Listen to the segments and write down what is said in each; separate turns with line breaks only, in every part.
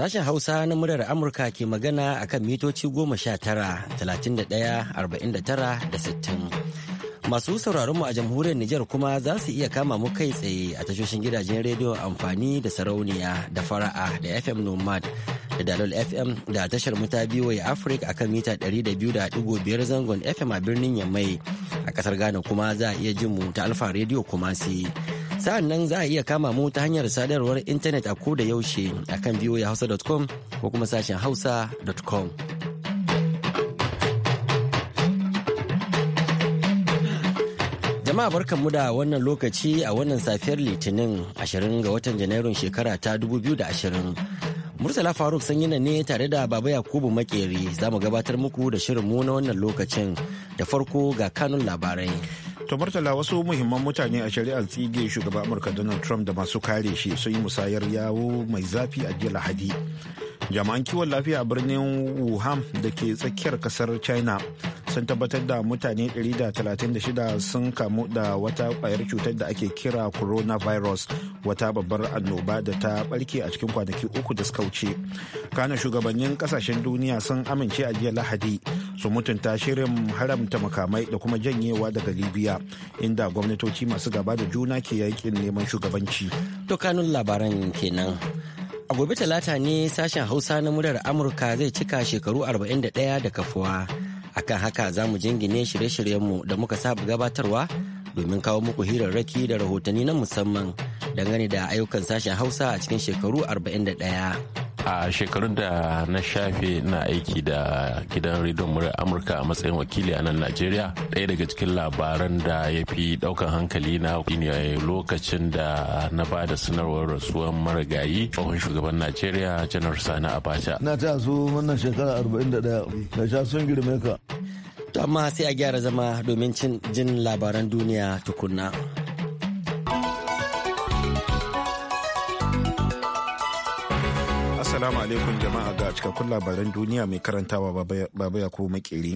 Sashen Hausa na murar Amurka ke magana a kan mitoci goma sha tara, talatin da ɗaya, arba'in da tara da sittin. Masu sauraron mu a jamhuriyar Nijar kuma za su iya kama mu kai tsaye a tashoshin gidajen rediyo amfani da sarauniya da fara'a da FM Nomad da Dalol FM da tashar mu ta wai ya biyu kan mita 200.5 zangon FM a birnin Yamai a ƙasar Ghana kuma za a iya jin mu ta Alfa Radio Kumasi. sa'an nan za a iya kama mu ta hanyar sadarwar intanet a ko da yaushe akan voahausa.com ko kuma sashen hausa.com jama'a barkanmu da wannan lokaci a wannan safiyar litinin 20 ga watan janairun shekara ta 2020 murtala faruk sanyina ne tare da baba yakubu makeri za mu gabatar muku da shirinmu na wannan lokacin da farko ga kanun labarai To Murtala wasu muhimman mutane a shari'ar tsige
shugaban Amurka Donald Trump da masu kare shi sun yi musayar yawo mai zafi a jiya Lahadi. jama'an kiwon lafiya a birnin wuhan da ke tsakiyar kasar china sun tabbatar da mutane 136 sun kamu da wata kwayar cutar da ake kira coronavirus wata babbar annoba da ta barke a cikin kwanaki uku da suka wuce kana shugabannin kasashen duniya sun amince a jiya lahadi su mutunta shirin haramta makamai da kuma janyewa daga libya inda gwamnatoci masu gaba da juna ke
yakin neman shugabanci to kanun labaran kenan A gobe talata ne sashen Hausa na murar Amurka zai cika shekaru 41 da kafuwa. Akan haka za mu jingine shirye-shiryenmu da muka saba gabatarwa domin kawo muku hirarraki da rahotanni na musamman dangane da ayyukan sashen Hausa a cikin shekaru 41. a
shekarun da na shafe na aiki da gidan rediyon murar amurka a matsayin wakili a nan najeriya ɗaya daga cikin labaran da ya fi ɗaukan hankali na ne lokacin da na ba da sanarwar rasuwar marigayi tsohon shugaban najeriya janar
sani abacha
na ta su wannan shekara 41 da sha sun girme ka
amma sai a gyara zama domin jin labaran duniya tukunna. Assalamu
alaikum jama'a ga cikakkun labaran duniya mai karantawa baba ya ko makeri.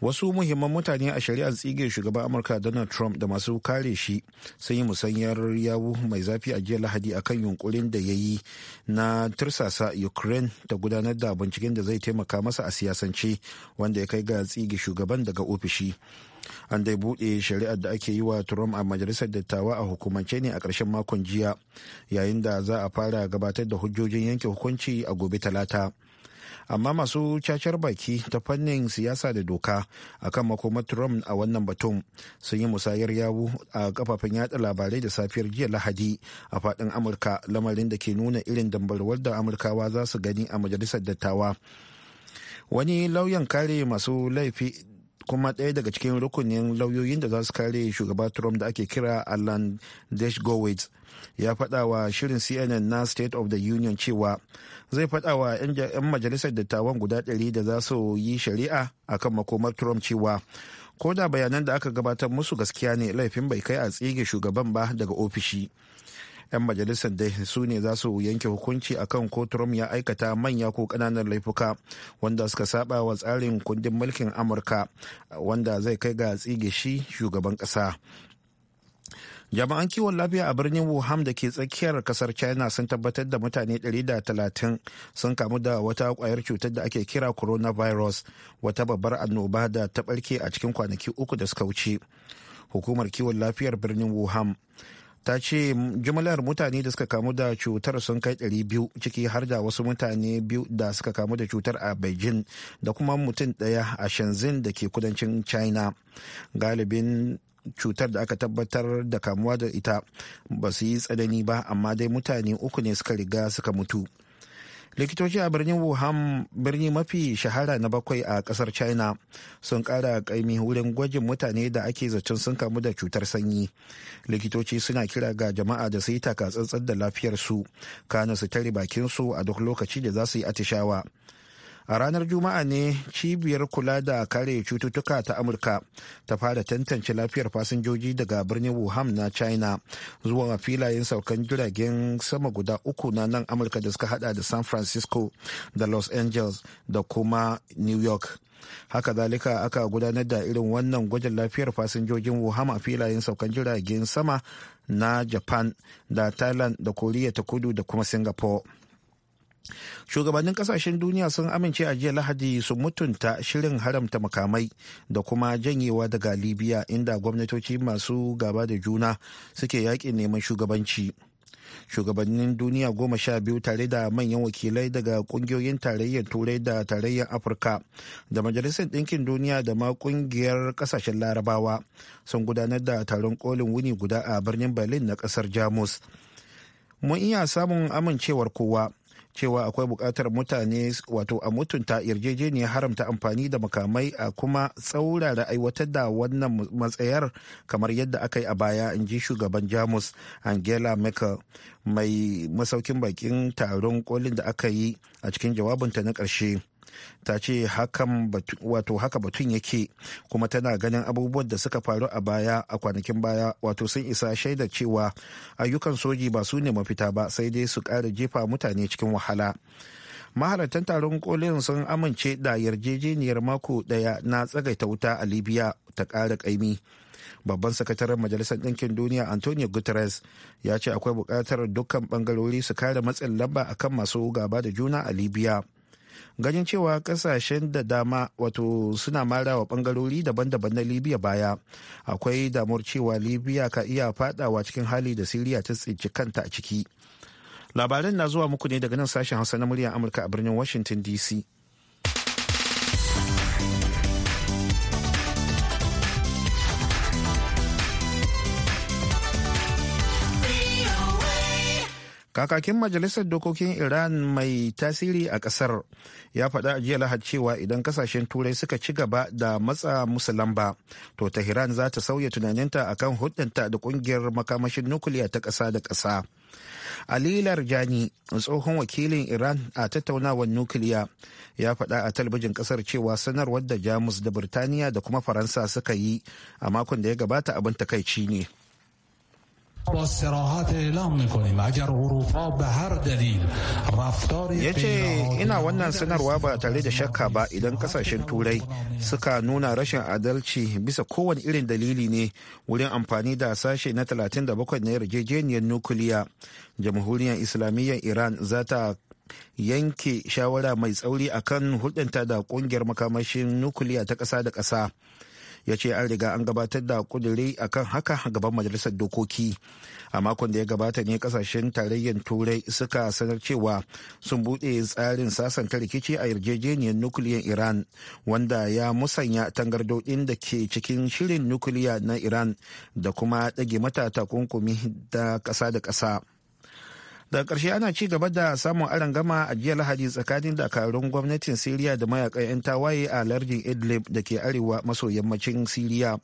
Wasu muhimman mutane a shari'ar tsige shugaban Amurka Donald Trump da masu kare shi sun yi musanyar yawu mai zafi a jiya Lahadi akan yunkurin da ya yi na tursasa Ukraine da gudanar da binciken da zai taimaka masa a siyasance wanda ya kai ga tsige shugaban daga ofishi. an dai buɗe shari'ar da ake yi wa trump a majalisar dattawa a hukumance ne a ƙarshen makon jiya yayin da za a fara gabatar da hujjojin yanke hukunci a gobe talata amma masu cacar baki ta fannin siyasa da doka a kan makomar trump a wannan batun sun yi musayar yawu a kafafen yada labarai da safiyar jiya lahadi a fadin amurka lamarin da ke nuna irin dambarwar da amurkawa za su gani a majalisar dattawa wani lauyan kare masu laifi kuma ɗaya daga cikin rukunin lauyoyin da za su kare shugaba trump da ake kira alan dashgowitz ya faɗa wa shirin cnn na state of the union cewa zai faɗa wa 'yan majalisar dattawan guda ɗari da za su yi shari'a a kan makomar trump cewa ko da bayanan da aka gabatar musu gaskiya ne laifin bai kai a tsige shugaban ba daga ofishi. 'yan majalisar da su ne za su yanke hukunci akan ko trump ya aikata manya ko kananan laifuka wanda suka saba wa tsarin kundin mulkin amurka wanda zai kai ga tsige shi shugaban kasa. jama'an kiwon lafiya a birnin wuhan da ke tsakiyar kasar china sun tabbatar da mutane 130 sun kamu da wata kwayar cutar da ake kira coronavirus wata babbar annoba da ta barke a cikin kwanaki uku da suka wuce hukumar kiwon lafiyar birnin wuhan ta ce jimlar mutane da suka kamu da cutar sun kai 200 ciki har da wasu mutane biyu da suka kamu da cutar a beijing da kuma mutum daya a shenzhen da ke kudancin china galibin cutar da aka tabbatar da kamuwa da ita ba su yi tsanani ba amma dai mutane uku ne suka riga suka mutu likitoci a birnin wuhan birni mafi shahara na bakwai a kasar china sun kara kaimi wurin gwajin mutane da ake zaton sun kamu da cutar sanyi likitoci suna kira ga jama'a da su yi takatsantsan da lafiyarsu kana su tare bakinsu a duk lokaci da za su yi atishawa a ranar juma'a ne cibiyar kula da kare cututtuka ta amurka ta fara tantance lafiyar fasinjoji daga birnin wuhan na china zuwa filayen saukan jiragen sama guda uku na nan amurka da suka hada da san francisco da los angeles da kuma new york haka zalika aka gudanar da irin wannan gwajin lafiyar fasinjojin wuhan a filayen saukan jiragen sama na japan da thailand da koriya ta kudu da kuma singapore shugabannin kasashen duniya sun amince a jiya lahadi su mutunta shirin haramta makamai da kuma janyewa daga libya inda gwamnatoci masu gaba da juna suke yakin neman shugabanci shugabannin duniya goma sha biyu tare da manyan wakilai daga kungiyoyin tarayyar turai da tarayyar afirka da majalisar ɗinkin duniya da ma kungiyar ƙasashen larabawa sun gudanar da taron kolin wuni guda a birnin berlin na ƙasar jamus mun iya samun amincewar kowa cewa akwai buƙatar mutane wato a mutunta yarjejeniya haramta amfani da makamai a kuma tsaurara aiwatar da wannan matsayar kamar yadda aka yi a baya in ji shugaban jamus angela merkel mai masaukin bakin taron kolin da aka yi a cikin jawabinta na ƙarshe ta ce wato haka batun yake kuma tana ganin abubuwan da suka faru a baya a kwanakin baya wato sun isa shaidar cewa ayyukan soji ba su ne mafita ba sai dai su ƙara jefa mutane cikin wahala mahalartan taron kolin sun amince da yarjejeniyar mako daya na tsagaita wuta a libya ta kara ƙaimi babban sakataren majalisar ɗinkin duniya antonio guterres ya ce akwai buƙatar dukkan ɓangarori su kare matsin lamba akan masu gaba da juna a libya ganin cewa kasashen da dama wato suna marawa bangarori daban-daban na libya baya akwai damar cewa libya ka iya fadawa cikin hali da siriya ta tsinci kanta a ciki labaran na zuwa muku ne daga nan sashen hausa na muryar amurka a birnin washington dc kakakin majalisar dokokin iran mai tasiri a kasar ya faɗa jiya lahad cewa idan kasashen turai suka ci gaba da matsa musulamba ba, to tehran za ta sauya tunaninta akan hudunta da kungiyar makamashin nukiliya ta ƙasa da ƙasa ali larjani tsohon wakilin iran a tattaunawar nukiliya ya faɗa a talabijin ƙasar cewa sanarwar da jamus da birtaniya da kuma faransa suka yi a makon da ya gabata abin takaici ne
با ina wannan sanarwa
ba tare da shakka ba idan kasashen turai suka nuna rashin adalci bisa kowane irin dalili ne wurin amfani da sashe na 37 na yarjejeniyar nukuliya jamhuriyar islamiyyar iran za ta yanke shawara mai tsauri a kan hulɗanta da ƙungiyar makamashin nukuliya ta ƙasa da ƙasa ya ce an riga an gabatar da kuduri akan haka gaban majalisar dokoki a makon da ya gabata ne kasashen tarayyar turai suka sanar cewa sun bude tsarin sasanta rikici a yarjejeniyar nukiliyar iran wanda ya musanya tangardodin da ke cikin shirin nukiliya na iran da kuma dage mata takunkumi da ƙasa da ƙasa. daga ƙarshe ana ci gaba da samun gama a jiya lahadi tsakanin dakarun gwamnatin siriya da mayakan 'yan tawaye a lardin idlib da ke arewa maso yammacin siriya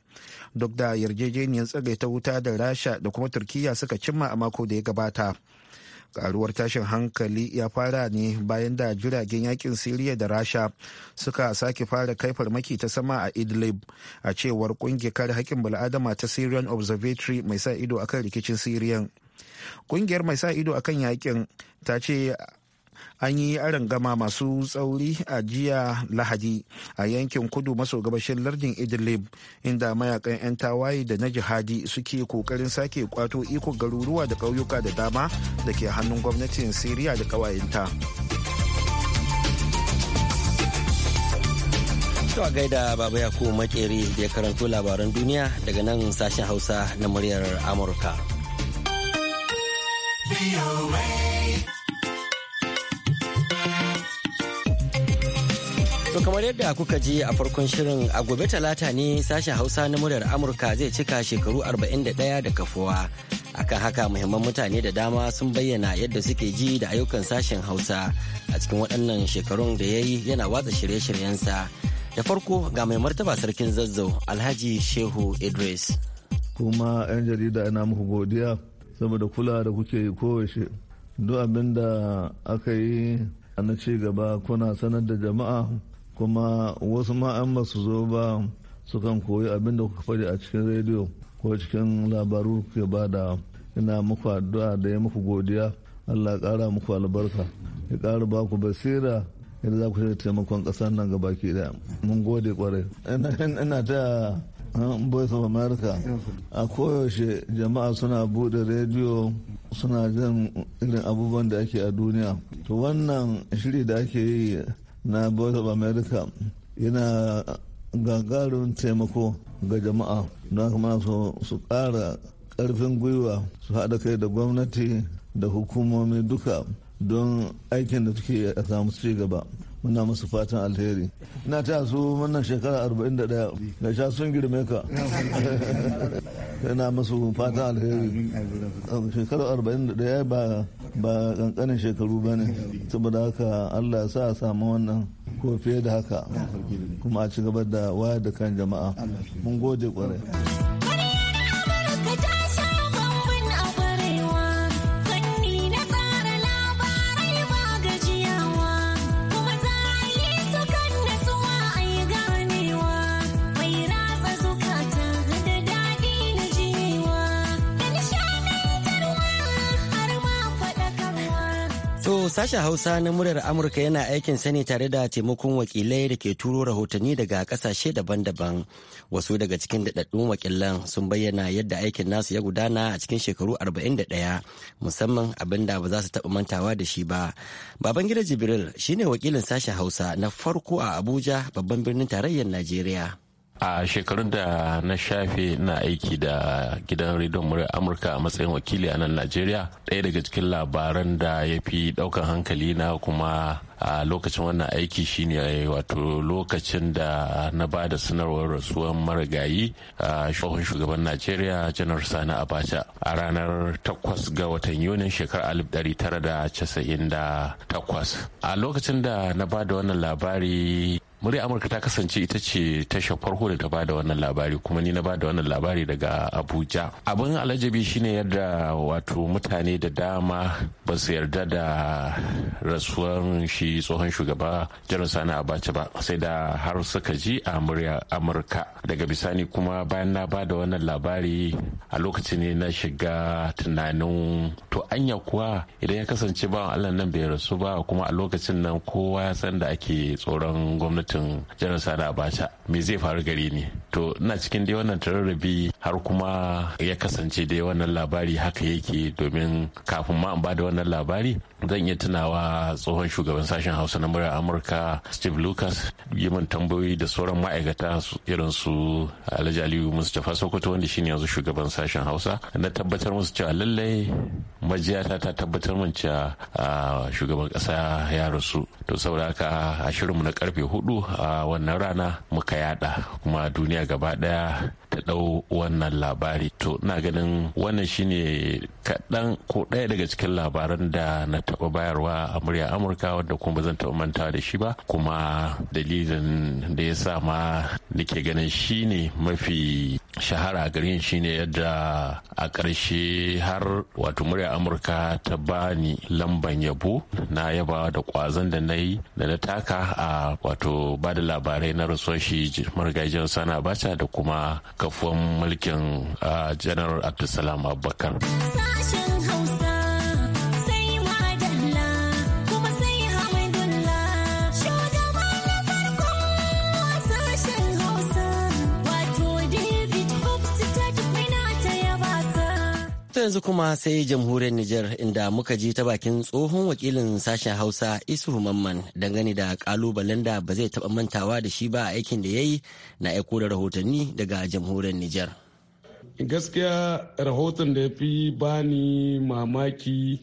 duk da yarjejeniyar tsagaita wuta da rasha da kuma turkiyya suka cimma a mako da ya gabata karuwar tashin hankali ya fara ne bayan da jiragen yakin siriya da rasha suka sake fara kai farmaki ta sama a idlib a cewar kungiyar hakkin haƙƙin bala'adama ta syrian observatory mai sa ido akan rikicin siriyan kungiyar mai sa ido akan yakin ta ce an yi gama masu tsauri a jiya lahadi a yankin kudu maso gabashin lardin idlib inda mayakan 'yan tawaye da na jihadi suke kokarin sake kwato iko garuruwa da ƙauyuka da dama da ke hannun gwamnatin siriya da ƙawayenta
a gaida baba yakubu makeri da ya karanto labaran duniya daga nan sashen hausa na muryar amurka To kamar yadda kuka ji a farkon shirin a gobe talata ne sashen hausa na muryar Amurka zai cika shekaru 41 da kafuwa. Akan haka muhimman mutane da dama sun bayyana yadda suke ji da ayyukan sashen hausa a cikin waɗannan shekarun da ya yi yana watsa shirye-shiryensa. Da farko ga mai martaba sarkin zazzau Alhaji Shehu Idris.
Kuma 'yan jarida ina muku godiya saboda kula da kuke yi kowace duk abin da aka yi a na ci gaba kuna sanar da jama'a kuma wasu ma an su zo ba sukan koyi abin da kuka faɗi a cikin rediyo ko cikin labaru ke bada ina muku addu'a da ya muku godiya allah kara muku albarka ya kara ba ku basira yadda za ku shirya taimakon ƙasar nan gaba ki daya mun gode kwarai ina ta voice of america a koyaushe jama'a suna bude rediyo suna jan irin abubuwan da ake a duniya to wannan shiri da ake yi na voice of america yana gagarin taimako ga jama'a don kuma su ƙara ƙarfin gwiwa su haɗa kai da gwamnati da hukumomi duka don aikin da suke a samu ci gaba muna musu fatan alheri ina ta su wannan shekara 41 da sha sun girme ka ina musu fatan alheri shekara 41 ba ba kankanin shekaru ba ne saboda haka allah ya sa a samu wannan ko fiye da haka kuma a ci gaba da wayar da kan jama'a mun gode kwarai
Sashen Hausa na muryar Amurka yana aikin sani tare da taimakon wakilai da ke turo rahotanni daga kasashe daban-daban. Wasu daga cikin daɗaɗɗun wakilan sun bayyana yadda aikin nasu ya gudana a cikin shekaru 41 musamman abin da ba za su taɓa mantawa da shi ba. Babangida Jibril shine wakilin sashen Hausa na farko a Abuja babban birnin tarayyar Najeriya.
a shekarun da na shafe na aiki da gidan rediyon murya amurka a matsayin wakili a nan najeriya ɗaya daga cikin labaran da ya fi ɗaukan hankali na kuma a lokacin wannan aiki shine wato lokacin da na ba da sanarwar rasuwan marigayi a shahun shugaban najeriya janar sani abacha a ranar 8 ga watan yunin shekarar 1998 a lokacin da na ba da wannan labari murya amurka ta kasance ita ce tashar farko da ta ba da wannan labari kuma ni na ba da wannan labari daga abuja abin alajabi shine yadda wato mutane da dama ba su yarda da rasuwar shi tsohon shugaba jiran sani abacha ba sai da har suka ji a murya amurka daga bisani kuma bayan na ba da wannan labari a lokacin ne na shiga tunanin to anya kuwa idan ya kasance ba allah nan bai rasu ba kuma a lokacin nan kowa ya san da ake tsoron gwamnati gwamnatin janar sada abacha me zai faru gare ni to ina cikin dai wannan tararrabi har kuma ya kasance dai wannan labari haka yake domin kafin ma in ba da wannan labari zan iya tunawa tsohon shugaban sashen hausa na murar amurka steve lucas yi tambayoyi da sauran ma'aikata irin su alhaji aliyu mustapha sokoto wanda shine yanzu shugaban sashen hausa na tabbatar musu cewa lallai majiyata ta tabbatar min cewa shugaban kasa ya rasu to saboda haka a shirinmu na karfe hudu a wannan rana muka yada kuma duniya gaba daya ta ɗau wannan labari to na ganin wannan shine kaɗan ko ɗaya daga cikin labaran da na taɓa bayarwa a murya amurka wanda kuma zan taɓa mantawa da shi ba kuma dalilin da ya sa ma nake ganin shine mafi shahara a shi shine yadda a ƙarshe har wato murya amurka ta bani lamban yabo na yaba da kwazon da na yi da na taka a wato ba da labarai na rasuwar shi margajiyar sana bata da kuma kafuwan mulkin ah, general abdulsalam abubakar
yanzu kuma sai jamhuriyar Nijar inda muka ji ta bakin tsohon wakilin sashen Hausa Isu Mamman dangane da kalubalen da ba zai taba mantawa da shi ba a aikin da ya yi na aiko da rahotanni daga jamhuriyar Nijar.
Gaskiya rahoton da ya fi bani mamaki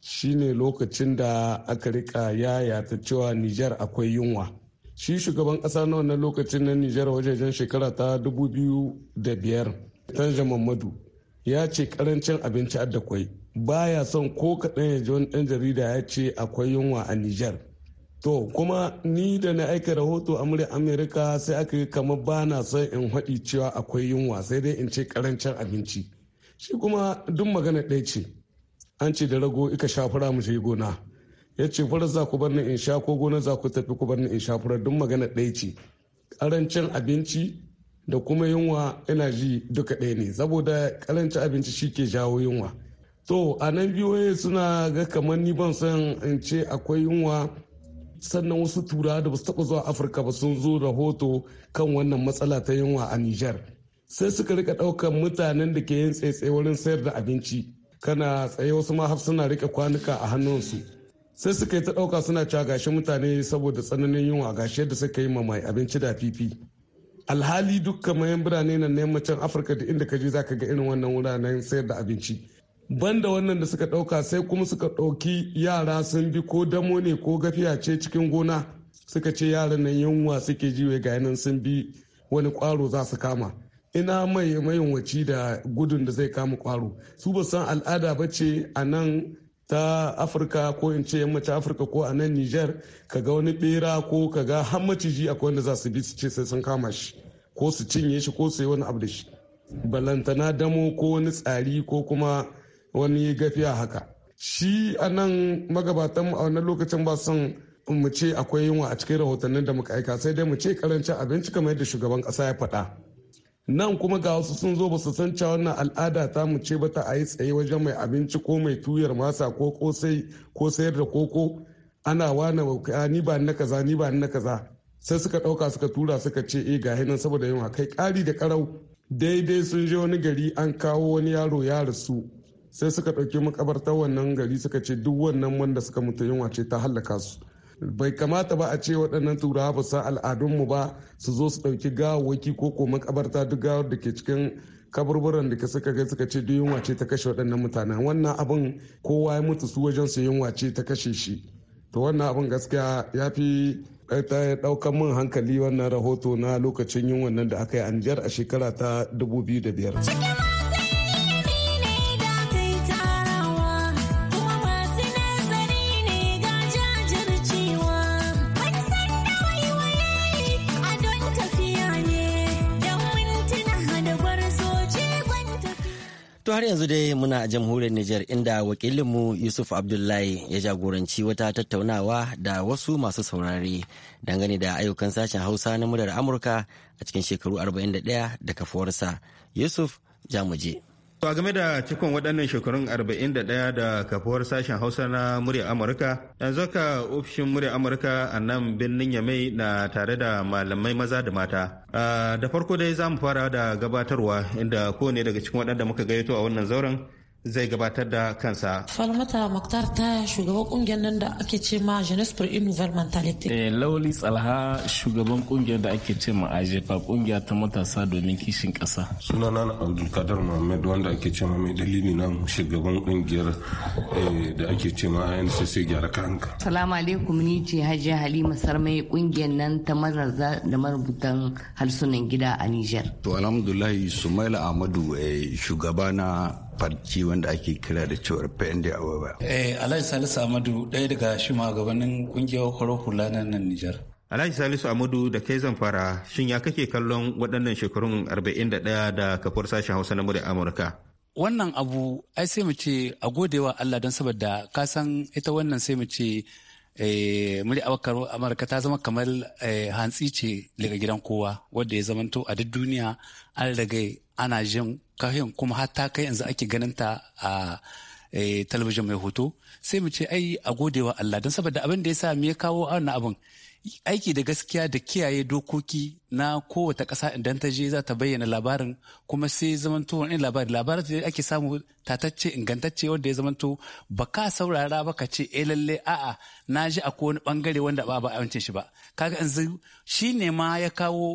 shine lokacin da aka rika yayata cewa Nijar akwai yunwa. Shi shugaban ƙasa na wannan lokacin na Nijar wajejen shekara ta 2005 Tanja Mamadu ya ce karancin abinci adda kwai baya son ko kaɗan ya ji ɗan jarida ya ce akwai yunwa a Nijar. To kuma ni da na aika rahoto a murya Amerika sai aka yi kamar ba na son in haɗi cewa akwai yunwa sai dai in ce karancin abinci. Shi kuma duk magana ɗaya ce an ce da rago ika shafura mu shi gona. Ya ce furar za ku bar in sha ko gona za ku tafi ku in shafura duk magana ɗaya ce. Karancin abinci da kuma yunwa yana ji duka ɗaya ne saboda karanci abinci shi ke jawo yunwa to a nan biyoyi suna ga kamar ni ban san in ce akwai yunwa sannan wasu tura da basu taɓa zuwa afirka ba sun zo rahoto kan wannan matsala ta yunwa a niger sai suka rika ɗaukar mutanen da ke yin tsaitsaye wurin sayar da abinci kana tsaye wasu ma har suna rika kwanuka a hannunsu sai suka yi ta ɗauka suna cewa gashi mutane saboda tsananin yunwa gashi da suka yi mai abinci da fifi alhali dukkan mayan birane na yammacin afirka da inda ka je zaka ga irin wannan wuraren sayar da abinci banda wannan da suka ɗauka sai kuma suka ɗauki yara sun bi ko damo ne ko gafiya ce cikin gona suka ce yaran nan yunwa suke jiwe ga nan sun bi wani kwaro za su kama ina mai mayunwaci da gudun da zai kama kwaro su ba san al'ada ba ce a nan ta afirka ko in ce yammacin afirka ko a nan niger ka ga wani bera ko ka ga har maciji akwai wanda za su bi su ce sai sun kama shi ko su cinye shi ko su yi wani abu da shi balantana damo ko wani tsari ko kuma wani gafiya haka shi a nan magabatan a wannan lokacin ba son mu ce akwai yunwa a cikin rahotannin da muka aika sai dai mu ce karancin abinci kamar yadda shugaban kasa ya faɗa nan kuma ga wasu sun zo basu san cewa wannan al'ada ta mu ce ba ta a yi tsaye wajen mai abinci ko mai tuyar masa ko kosai ko sayar da koko ana wane ni ba na kaza ni ba na kaza sai suka ɗauka suka tura suka ce eh ga nan saboda yunwa kai ƙari da ƙarau daidai sun je wani gari an kawo wani yaro ya rasu sai suka ɗauki makabartar wannan gari suka ce duk wannan wanda suka mutu yunwa ce ta hallaka su bai kamata ba a ce waɗannan turawa ba sa al'adunmu ba su zo su ɗauki gawawwaki ko ko makabarta duk gawar da ke cikin kaburburan da suka kai suka ce duk yunwa ce ta kashe waɗannan mutanen wannan abin kowa ya mutu su wajen su yunwa ce ta kashe shi to wannan abin gaskiya ya fi eh, ɗaukar min hankali wannan rahoto na lokacin yunwan nan da aka yi a Nijar a shekara ta 2005.
To har yanzu dai muna a jamhuriyar Nijar inda wakilinmu Yusuf Abdullahi ya jagoranci wata tattaunawa da wasu masu saurari, dangane da ayyukan sashen Hausa na murar Amurka a cikin shekaru 41 da kafuwarsa. Yusuf Jamuje.
To a game da cikon waɗannan shekarun 41 da kafuwar sashen Hausa na murya Amurka, yanzu ka ofishin murya Amurka a nan birnin Yamai na tare da malamai maza da mata. Da farko dai za mu fara da gabatarwa inda kowane daga cikin waɗanda muka gayyato a wannan zauren zai gabatar da kansa.
Falmata Maktar ta shugaban kungiyar nan da ake ce ma Jeunesse pour une nouvelle mentalité.
Eh, Lauli Tsalha shugaban kungiyar da ake ce ma Ajefa kungiya ta matasa domin kishin kasa.
Sunana na Abdulkadar Muhammad wanda ake ce ma mai dalili na shugaban kungiyar eh, da ake ce ma INCC gyara kanka.
Salamu alaikum ni ce Hajji Halima Sarmai kungiyar nan ta mararza da marubutan harsunan gida a Niger.
To alhamdulillah Sumaila Ahmadu eh, shugaba na farki wanda ake kira
da cewar pende awa ba.
Eh, Alhaji Salisu Amadu ɗaya daga shi gabanin kungiyar kwaro
hula na nan Nijar. Alhaji Salisu Amadu da kai zan fara shin ya kake kallon waɗannan shekarun 41 da kafar sashen Hausa na murya Amurka?
Wannan abu ai sai mu ce a godewa Allah don saboda ka san ita wannan sai mu ce eh, murya amurka ta zama kamar eh, hantsi ce daga gidan kowa wadda ya zamanto a duk duniya an rage ana jin kahiyan kuma har ta kai yanzu ake ganin ta a e, talabijin mai hoto sai mu ce ai a godewa Allah don saboda abin da ya sa me ya kawo wannan abin aiki da gaskiya da kiyaye dokoki na kowace ƙasa idan ta je za ta bayyana labarin kuma sai zamanto wani labari labarin da ake samu tatacce ingantacce wanda ya zamanto ba ka saurara ba ka ce eh lalle a'a na ji a wani bangare wanda ba ba amince shi ba kaga yanzu shi ne ma ya kawo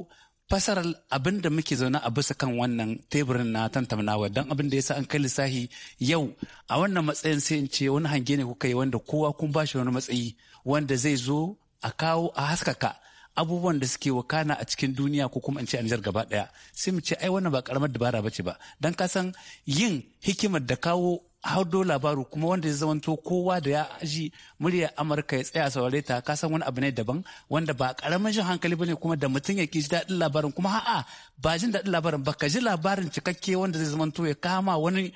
fasarar abin da muke zaune a bisa kan wannan teburin na tantamnawa don abin da ya sa an kai lissafi yau a wannan matsayin sai in ce wani hange ne kuka yi wanda kowa kun ba shi wani matsayi wanda zai zo a kawo a haskaka abubuwan da suke wakana a cikin duniya ko kuma in ce anjar Nijar gaba daya sai mu ce ai wannan ba karamar dabara ce ba don ka san yin hikimar da kawo hardo labaru kuma wanda ya zamanto kowa da ya ji muryar amurka ya tsaya saurare ta ka san wani abu ne daban wanda ba karamin jin hankali bane kuma da mutum ya ki daɗin labarin kuma ha'a ba jin daɗin labarin ba ka ji labarin cikakke wanda zai zamanto ya kama wani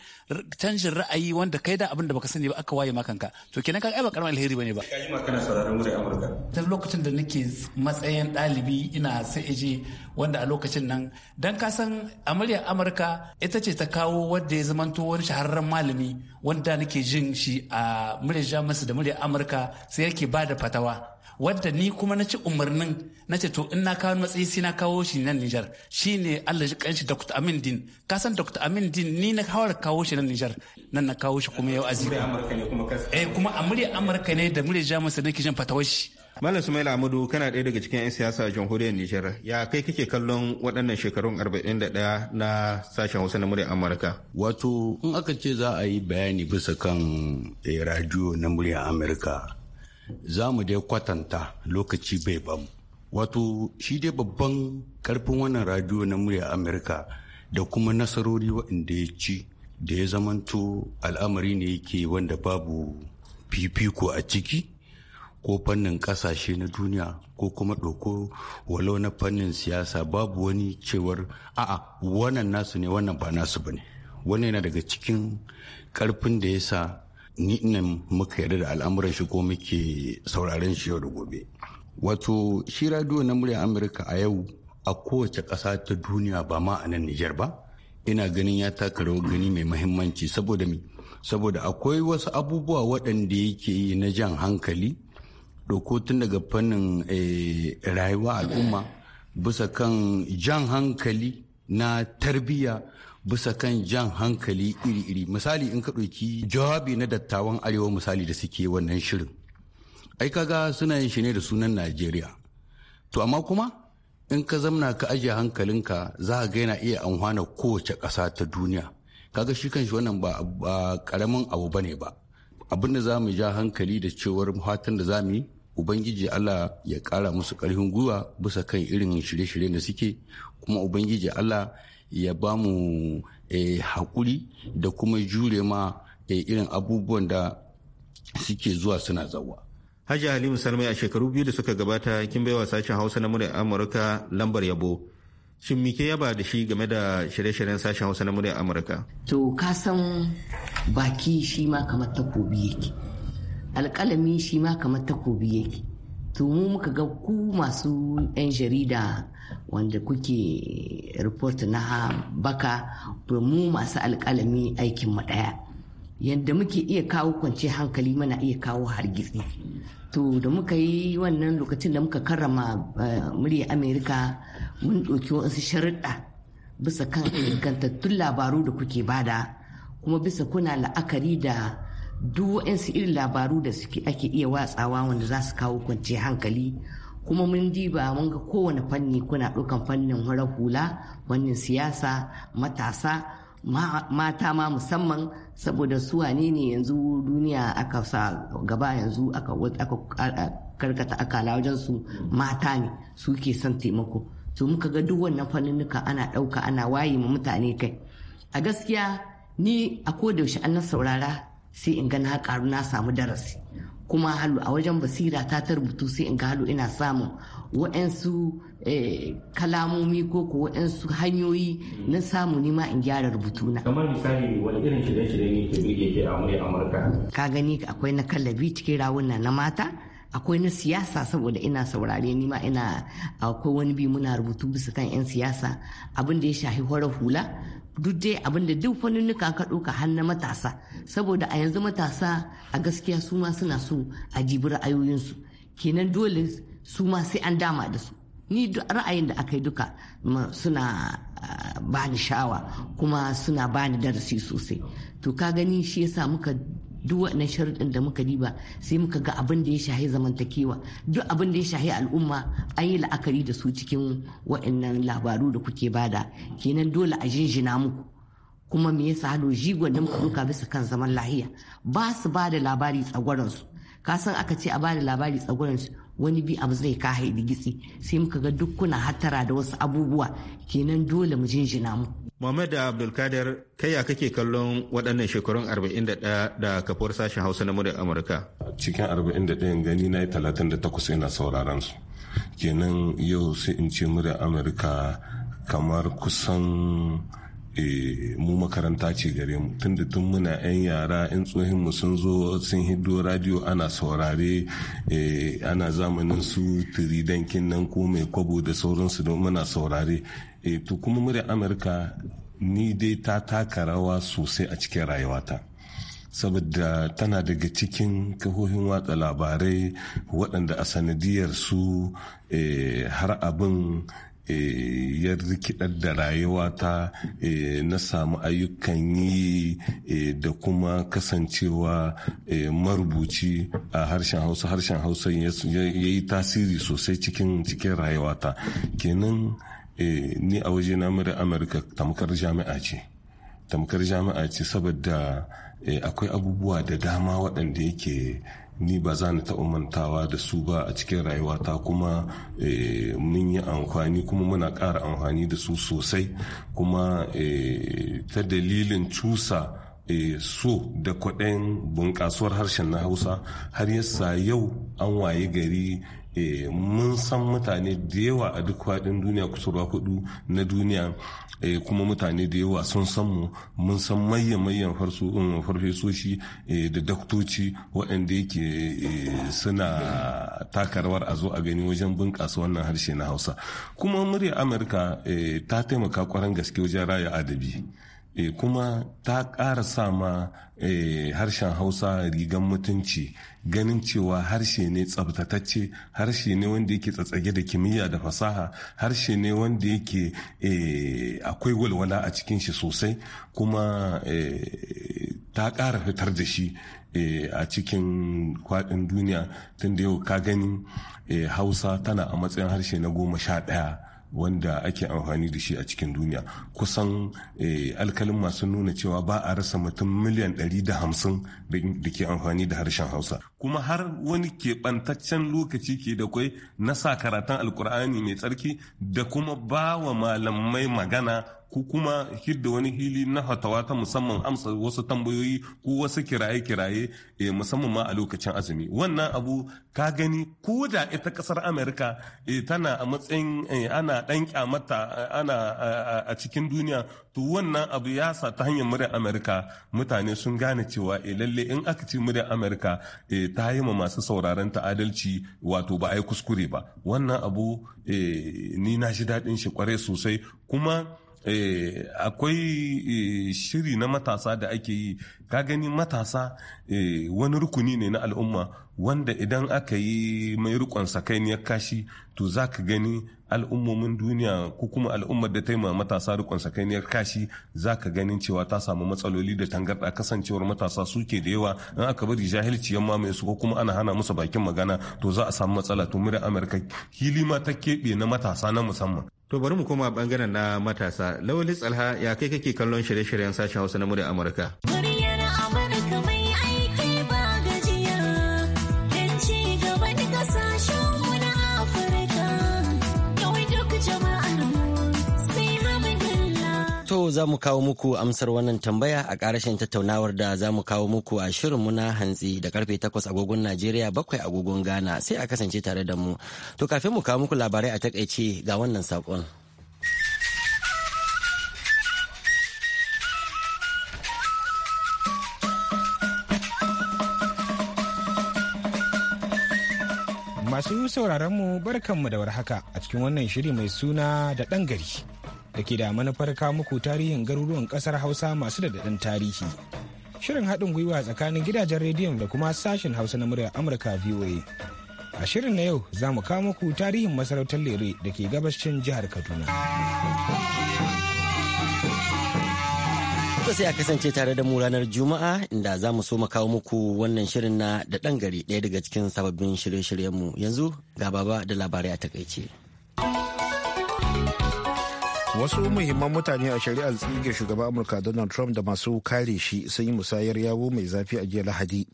canjin ra'ayi wanda kai da abin da baka sani ba aka waye kanka to kenan ka ba karamin alheri bane ba kai
ma kana sauraron muryar amurka
tun lokacin da nake matsayin ɗalibi ina sai je wanda a lokacin nan don kasan a amurka ita ce ta kawo wadda ya zamanto wani shahararren malami wanda nake jin shi a muryar jamus da muryar amurka sai yake ba da fatawa wadda ni kuma na ci umarnin na ce to in na kawo matsayi sai na kawo shi nan Nijar shi ne Allah shi kanshi Dr. Amin Din ka san Dr. Amin Din ni na kawar kawo shi nan Nijar nan na kawo shi
kuma yau azizi eh kuma a muryar Amurka ne da muryar Jamus da nake jin fatawar shi Malam Sumaila Amadu kana ɗaya daga cikin 'yan siyasa jamhuriyar Nijar. Ya kai kake kallon waɗannan shekarun 41 na sashen Hausa na muryar Amurka? Wato, in aka ce za a yi bayani
bisa kan eh, rajiyo na muryar Amurka, za mu dai kwatanta lokaci bai bamu. Wato, shi dai babban karfin wannan rajiyo na muryar Amurka da kuma nasarori waɗanda ya ci da ya zamanto al'amari ne yake wanda babu fifiko a ciki. ko fannin kasashe na duniya ko kuma ɗauko walau na fannin siyasa babu wani cewar a'a wannan nasu ne wannan ba nasu ba ne wannan yana daga cikin karfin da ya sa ni nan muka yarda da al'amuran shi ko muke sauraren shi yau da gobe wato shi radio na murya amurka a yau a kowace ƙasa ta duniya ba ma a nan nijar ba ina ganin ya taka rawar gani mai mahimmanci saboda mi saboda akwai wasu abubuwa waɗanda yake yi na jan hankali doko tun daga fannin eh, rayuwa al'umma bisa kan jan hankali na tarbiyya bisa kan jan hankali iri-iri misali in ka ɗauki jawabi na dattawan arewa misali da suke wannan shirin ai kaga suna yin shi ne da sunan najeriya to amma kuma in ka zamna ka ajiye hankalinka za ga yana iya amfana kowace ƙasa ta duniya kaga shi kanshi wannan ba ƙaramin abu bane ba abinda da za mu ja hankali da cewar fatan da za mu yi ubangiji allah ya ƙara musu ƙarfin gwiwa bisa kan irin shirye-shiryen da suke kuma ubangiji allah ya ba mu eh, haƙuri da kuma jure ma eh, irin abubuwan da suke zuwa suna zawa
haji Halima Salmai a shekaru biyu da suka gabata kin baiwa sashen Hausa na murya Amurka lambar yabo. Shin me yaba da shi game da shirye-shiryen sashen Hausa na murya Amurka?
To ka san baki shi ma kamar takobi yake. alƙalami shi ma kamar takobi yake to mu muka ga ku masu 'yan jarida wanda kuke report na baka mu masu alƙalami aikin mu ɗaya yadda muke iya kawo kwanci hankali mana iya kawo hargitsi to da muka yi wannan lokacin da muka karrama eh, murya amerika mun ɗauki wasu sharuɗa bisa kan ingantattun labaru da kuke bada kuma bisa kuna la'akari da duk su irin labaru da suke ake iya watsawa wanda za su kawo kwanciyar hankali kuma mun diba mun ga kowane fanni kuna ɗaukan fannin hura hula fannin siyasa matasa mata ma musamman saboda su wane ne yanzu duniya aka sa gaba yanzu aka karkata akala wajen su mata ne su ke son taimako to muka ga duk wannan fannunuka ana ɗauka ana waye ma mutane kai a gaskiya ni a kodayaushe an na saurara sai in ga na karu na samu darasi kuma halu a wajen basira ta ta rubutu sai in ga halu ina samun wa'ansu eh, kalamomi ko ko wa'ansu hanyoyi na samu nima in gyara rubutu na. kamar misali wani irin shirye-shirye ne
ke bige ke a wani
amurka. ka gani akwai na kallabi cikin rawuna na mata akwai na siyasa saboda ina saurare ni ma ina akwai wani bi muna rubutu bisa kan 'yan siyasa abin da ya shafi horar hula duk dai abin da duk fannunuka ka ɗauka har matasa saboda a yanzu matasa a gaskiya su ma suna so a jibi ra'ayoyinsu kenan dole su ma sai an dama da su ni ra'ayin da aka yi duka suna ah, bani shawa kuma suna bani darasi sosai to ka gani shi yasa muka duk waɗannan sharuɗin da muka diba sai muka ga abin da ya shahi zamantakewa duk abin da ya shahi al'umma an yi la'akari da su cikin waɗannan labaru da kuke bada kenan dole a jinjina muku kuma me yasa hado jigon da muka duka bisa kan zaman lahiya ba su ba da labari tsagwaransu ka san aka ce a ba da labari tsagwaransu wani bi abu zai kaha digitsi sai muka ga duk kuna hattara da wasu abubuwa kenan dole mu jinjina muku
Muhammad Abdulkadir kai ya kake kallon waɗannan shekarun 41 da kafuwar sashen Hausa na muryar Amurka? Cikin 41 gani na yi 38 ina
sauraron su. Kenan yau sai in ce muryar Amurka kamar kusan E mu makaranta ce gare mu tunda tun muna 'yan yara 'yan tsohin mu sun zo sun hiddo radio ana saurare eh, ana zamanin su tiridankin nan ko mai kwabo da sauransu don muna saurare eh, to kuma murya amurka ni dai ta taka rawa sosai a cikin rayuwata saboda tana daga cikin kahohin watsa labarai waɗanda a sanadiyar su har abin Eh, ya rikidar da rayuwata eh, na samu ayyukan yi eh, da kuma kasancewa marubuci a harshen hausa harshen hausa ya yi tasiri sosai cikin cikin rayuwata kenan ni a waje na mara amurka tamkar jami'a ce tamkar jami'a ce saboda akwai abubuwa da dama waɗanda yake ni ba za ni taɓa mantawa da su ba a cikin rayuwata kuma eh, mun yi amfani kuma muna ƙara amfani da su sosai kuma eh, ta dalilin cusa eh, so da kwaɗayin bunƙasuwar harshen na hausa har yasa yau an waye gari Eh, mun san mutane da yawa a duk faɗin duniya kusurwa kudu na duniya eh, kuma mutane da yawa sun san mu mun san mayan mayan um, farfesoshi eh, da daktoci waɗanda yake suna takarwar a zo a gani wajen bunƙasa wannan harshe na hausa kuma murya amurka ta taimaka kwaran gaske wajen raya adabi e, kuma ta ƙara ma e, harshen hausa rigan mutunci ganin cewa harshe ne tsabtatacce harshe ne wanda yake tsatsage da kimiyya da fasaha harshe ne wanda yake e, akwai walwala a cikin shi sosai kuma e, ta ƙara fitar da shi e a cikin kwaɗin duniya tunda yau ka gani e hausa tana a matsayin harshe na goma sha ɗaya wanda ake amfani da shi a cikin duniya kusan eh, alkalin masu nuna cewa ba a rasa mutum miliyan 150 da ke amfani da harshen hausa kuma har wani keɓantaccen lokaci ke da kwai na sa karatun alkur'ani mai tsarki da kuma ba wa malamai magana ku kuma hidda wani hili na hatawa ta musamman amsa wasu tambayoyi ko wasu kiraye-kiraye eh, musamman ma a lokacin azumi wannan abu ka gani ko da ita kasar amerika eh, tana a matsayin eh, ana dan kyamata ana a cikin duniya to wannan abu ya sa ta hanyar muryar amerika mutane sun gane cewa lalle in aka ci muryar amerika ta yi ma masu sauraron ta adalci wato ba a yi kuskure ba wannan abu ni na shi daɗin shi kwarai sosai kuma Eh, akwai eh, shiri na matasa da ake yi ka gani matasa eh, wani rukuni ne na al'umma wanda idan aka yi mai rikon sakainiyar kashi to za ka gani al'ummomin duniya ko kuma al'ummar da ta yi matasa rikon sakainiyar kashi za ka ganin cewa ta samu matsaloli da tangarɗa kasancewar matasa suke da yawa in aka bari jahilci yamma mai su ko kuma ana hana musu bakin magana to za a samu matsala to mura
amurka hili ma ta keɓe na matasa na musamman To bari mu koma bangaren na matasa. Lawalis Tsalha ya kai kake kallon shirye-shiryen sashen Hausa na murya Amurka.
yau za mu kawo muku amsar wannan tambaya a ƙarashin tattaunawar da za mu kawo muku a shirin na hantsi da karfe 8 agogon Najeriya bakwai agogon Ghana sai a kasance tare da mu. To kafin mu kawo muku labarai a takaice ga wannan saƙon.
Masu sauraronmu barkanmu da warhaka a cikin wannan shiri mai suna da ɗan gari. da ke da manufar kawo muku tarihin garuruwan kasar hausa masu da daɗin tarihi shirin haɗin gwiwa tsakanin gidajen rediyon da kuma sashen hausa na muryar amurka voa a shirin na yau za mu kawo muku tarihin masarautar lere da ke gabashin jihar kaduna
sai a kasance tare da mu ranar Juma'a inda za mu so kawo muku wannan shirin na da ɗan gari ɗaya daga cikin sababbin shirye-shiryenmu yanzu ga baba da labarai a takaice. wasu muhimman
mutane a shari'ar tsige shugaban amurka donald trump da masu kare shi sun yi musayar yawo mai zafi a jiya lahadi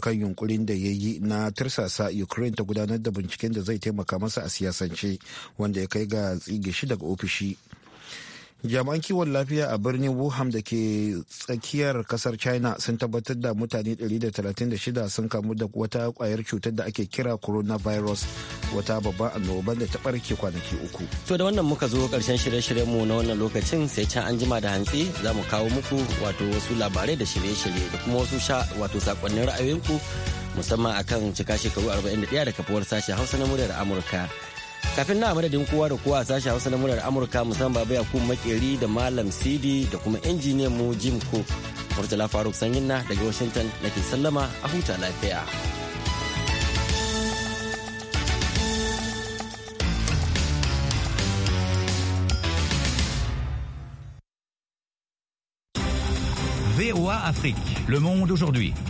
kan yunkurin da ya yi na tirsasa ukraine ta gudanar da binciken da zai taimaka masa a siyasance wanda ya kai ga tsige shi daga ofishi jami'an kiwon lafiya a birnin wuhan da ke tsakiyar kasar china sun tabbatar da mutane 136 sun kamu da wata kwayar cutar da ake kira coronavirus wata babban annoban da ta barke kwanaki uku
to da wannan muka zo karshen shirye-shiryen mu na wannan lokacin sai can an jima da hantsi za mu kawo muku wato wasu labarai da shirye-shirye da kuma wasu sha wato sakonnin ra'ayoyinku musamman akan cika shekaru 41 da kafuwar sashen hausa na muryar amurka kafin na madadin kowa da kowa a sashen hausa na murar amurka musamman baba kuma makeri da malam sidi da kuma injiniyan mu jim ko murtala faruk sanyin na daga washington da ke sallama a huta lafiya.
VOA Afrique. Le monde aujourd'hui.